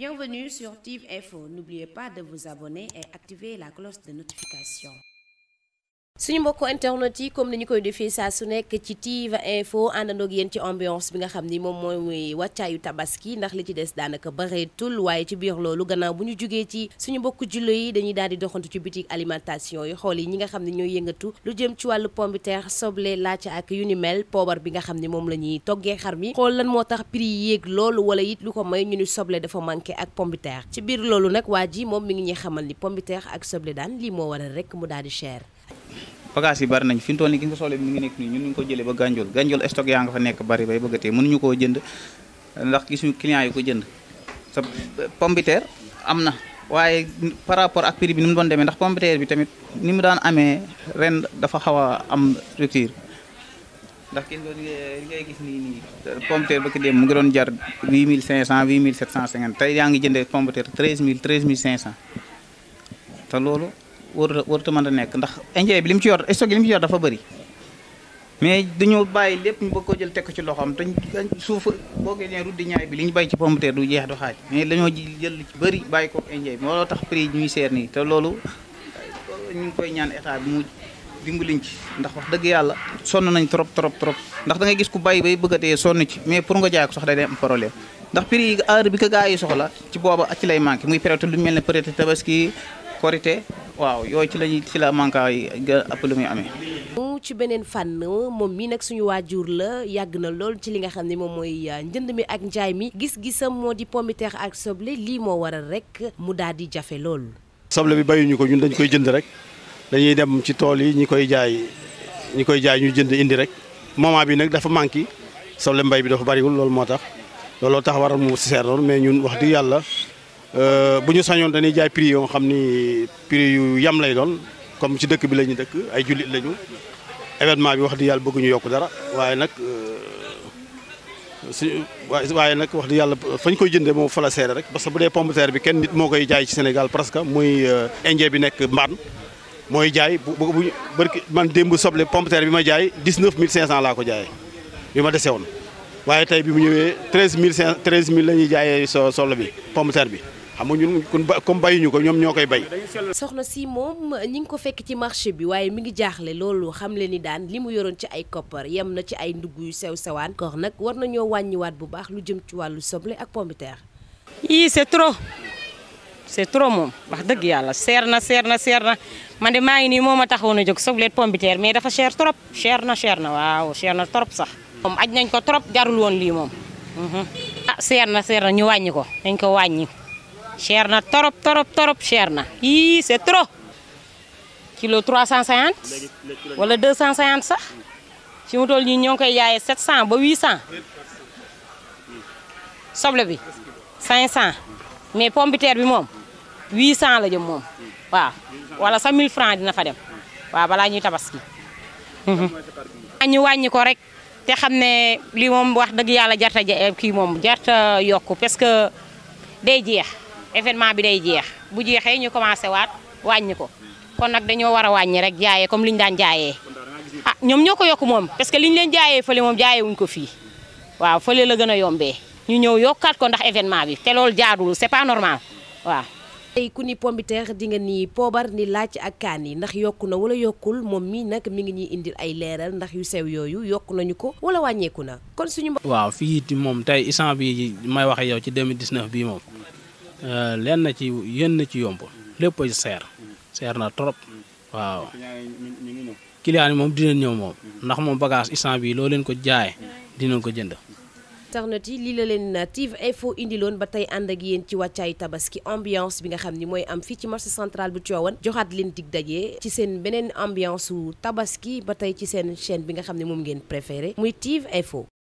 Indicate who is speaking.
Speaker 1: Bienvenue sur Team N'oubliez pas de vous abonner et activer la cloche de notification. suñu mbokku internet yi comme ni koy defee saa su nekk ci Tiva info àndandoo ak yéen ci ambiance bi nga xam ni moom mooy wàccaayu tabaski ndax li ci des daanaka bareetul waaye ci biir loolu gannaaw bu ñu jógee ci suñu mbokku julle yi dañuy daal di doxantu ci boutique alimentation yi xool yi ñi nga xam ne ñooy yëngatu lu jëm ci wàllu pomme terre soble laaj ak yu ni mel poobar bi nga xam ne moom la ñuy toggee xar mi xool lan moo tax prix yéeg loolu wala it lu ko may ñu ni soble dafa manqué ak pomme ci biir loolu waa ji moom mi ngi ñuy xamal ni pomme ak soble daan lii moo waral rek mu daal di cher
Speaker 2: bagage yi bari nañ fiñ ñu giñ ko ki mi ngi nek ni ñun ñu ko jëlé ba ganjol ganjol stock ya nga fa nek bari bay mënu ñu ko jënd ndax suñu client yu ko jënd sa pombiteer am na waaye par rapport ak prix bi ni doon démé ndax pombiteer bi tamit ni mu daan amé ren dafa xawa am rupture ndax kin ngi ngay gis ni ni pombiteer ba ki dem mu ngi doon jar 8500 8750 tey yaa ngi jëndee pombiteer 13000 13500 ta lolu wër ta mën a nekk ndax engrais bi li mu ci yor stock bi li ci yor dafa bari mais dañoo bàyyi lépp ñu bëgg koo jël teg ko ci loxoom te suuf boo génnee ruddi ñaay bi li ñu bay ci pomme de terre du jeex du xaaj mais dañoo jël lu ci bëri bàyyi ko engrais bi looloo tax prix ñuy seer nii te loolu ñu ngi koy ñaan état bi mu dimbaliñ ci ndax wax dëgg yàlla sonn nañ trop trop trop ndax da ngay gis ku bàyyi bay bëgg a dee sonn ci mais pour nga jaay ko sax day am problème ndax prix yi heure bi ko gaa yi soxla ci booba ci lay manqué muy période lu mel ne période tabaski korité waaw yooyu ci lañuy ci la manca yi gën ëpp lu muy amee
Speaker 1: ci beneen fànn moom mii nag suñu waajur la yàgg na lool ci li nga xam ne moom mooy euh, njënd mi ak njaay mi gis-gisam moo di pomme de terre ak soble lii moo waral rek mu daal di jafe lool.
Speaker 3: soble bi bayuñu ko ñun dañ koy jënd rek dañuy dem ci tool yi ñu koy jaay ñi koy jaay ñu jënd indi rek moment bi nag dafa manqué soble mbay bi dafa bariwul loolu moo tax looloo tax waral mu seer lool mais ñun wax dëgg yàlla. Euh, bu ñu sañoon dañuy jaay prix yoo xam ni prix yu yam lay doon comme ci dëkk bi la ñu dëkk ay jullit lañu événement bi wax di yàlla bëgguñu yokk dara waaye nag euh, su waaye nag wax di yàlla fañ koy jëndee moom fa la seere que bu dee pomme de bi kenn nit moo koy jaay ci Sénégal presque muy euh, indien bi nekk mbaan mooy jaay bu bu bërki man démb soble pomme de terre bi ma jaay 19500 laa ko jaayee bi ma dese woon waaye tey bi mu ñëwee 13000 13000 la ñuy jaayee so soble bi pomme terre bi. xam nga kon comme ko ñoom ñoo koy bay
Speaker 1: soxna si moom ñi ngi ko fekk ci marché bi waaye mi ngi jaaxle loolu xam le ni daan li mu yoroon ci ay koppar yem na ci ay ndugg yu sew sewaan koor nag war na wàññi waat bu baax lu jëm ci wàllu soble ak pomme de terre
Speaker 4: yii c'est trop c'est trop moom wax dëgg yàlla seer na seer na seer na man de maa ngi nii moo ma taxawoon a jóg soble pomme mais dafa cher trop cher na cher na waaw cher na trop sax moom aj nañ ko trop jarul woon lii moom mhm. ah, Share na torop torop torop share na ii c'est trop kilo 350 wala 250 sax ci mu toll ñi ñong koy yaay 700 ba 800 soble bi 500 mais terre bi mom 800 la jëm mom wa wala 1000 francs dina fa dem wa bala ñuy tabaski ñu mhm. wañi ko rek té xamné li mom wax dëgg yalla jarta ki mom jarta yokku parce que day jeex événement bi day jeex bu jeexee ñu commencé waat wàññi ko kon nag dañoo war a wàññi rek jaayee comme liñ daan jaayee ah ñoom ñoo ko yokk moom parce que liñ leen jaayee fële moom jaayee wuñ ko fii waaw fële la gën a yombee ñu ñëw yokkaat ko ndax événement bi te loolu jaadul c'est pas normal waaw.
Speaker 1: tey ku ni pombiteer di nga ni poobar ni laaj ak kaan ndax yokku na wala yokkul moom mii nag mi ngi ñuy indil ay leeral ndax yu sew yooyu yokku nañu ko wala wàññeeku na kon suñu. waaw
Speaker 3: fii it moom tey instant bi may wax yow ci 2019 bii moom Euh, lenn ci yenn ci yomb lépp ci seer seer na trop waaw client yi moom dinañ ñëw moom ndax moom bagage instant bi loo leen ko jaay dinañ ko jënd
Speaker 1: internet yi lii la leen Tiv Info indiloon ba tey ànd ak yéen ci wàccaayu tabaski ambiance bi nga xam ni mooy am fii ci marché central bu Tivaouane joxaat leen dig daje ci seen beneen ambiance su tabaski ba tey ci seen chaîne bi nga xam ne moom ngeen préféré muy ay Info